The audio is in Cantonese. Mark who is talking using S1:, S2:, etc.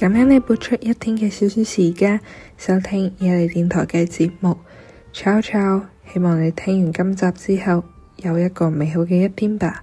S1: 感恩你撥出一天嘅小小時間收聽野梨電台嘅節目，超超，希望你聽完今集之後有一個美好嘅一天吧。